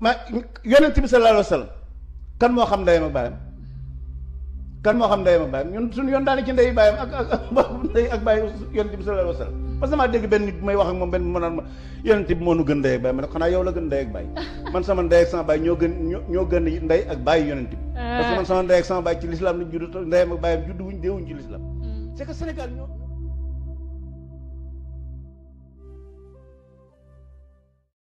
ma yonent bi sallallahu alayhi wa kan moo xam ndeyam ak baayam kan moo xam ndeyam ak baayam ñun suñu yoon daane ci ndey baayam ak ak ak baay yonent bi sallallahu alayhi wa sallam parce que damaa dégg benn nit may wax ak moom benn mu naan ma yonent bi moo nu gën ndey ak baay yow la gën ndey ak baay man sama ndey ak sama baay ñoo gën ñoo gën ndey ak baay yonent bi parce que man sama ndey ak sama baay ci l'islam lañ judd ndeyam ak baayam juddu wuñ deewuñ ci l'islam mm. c'est Sénégal ñoo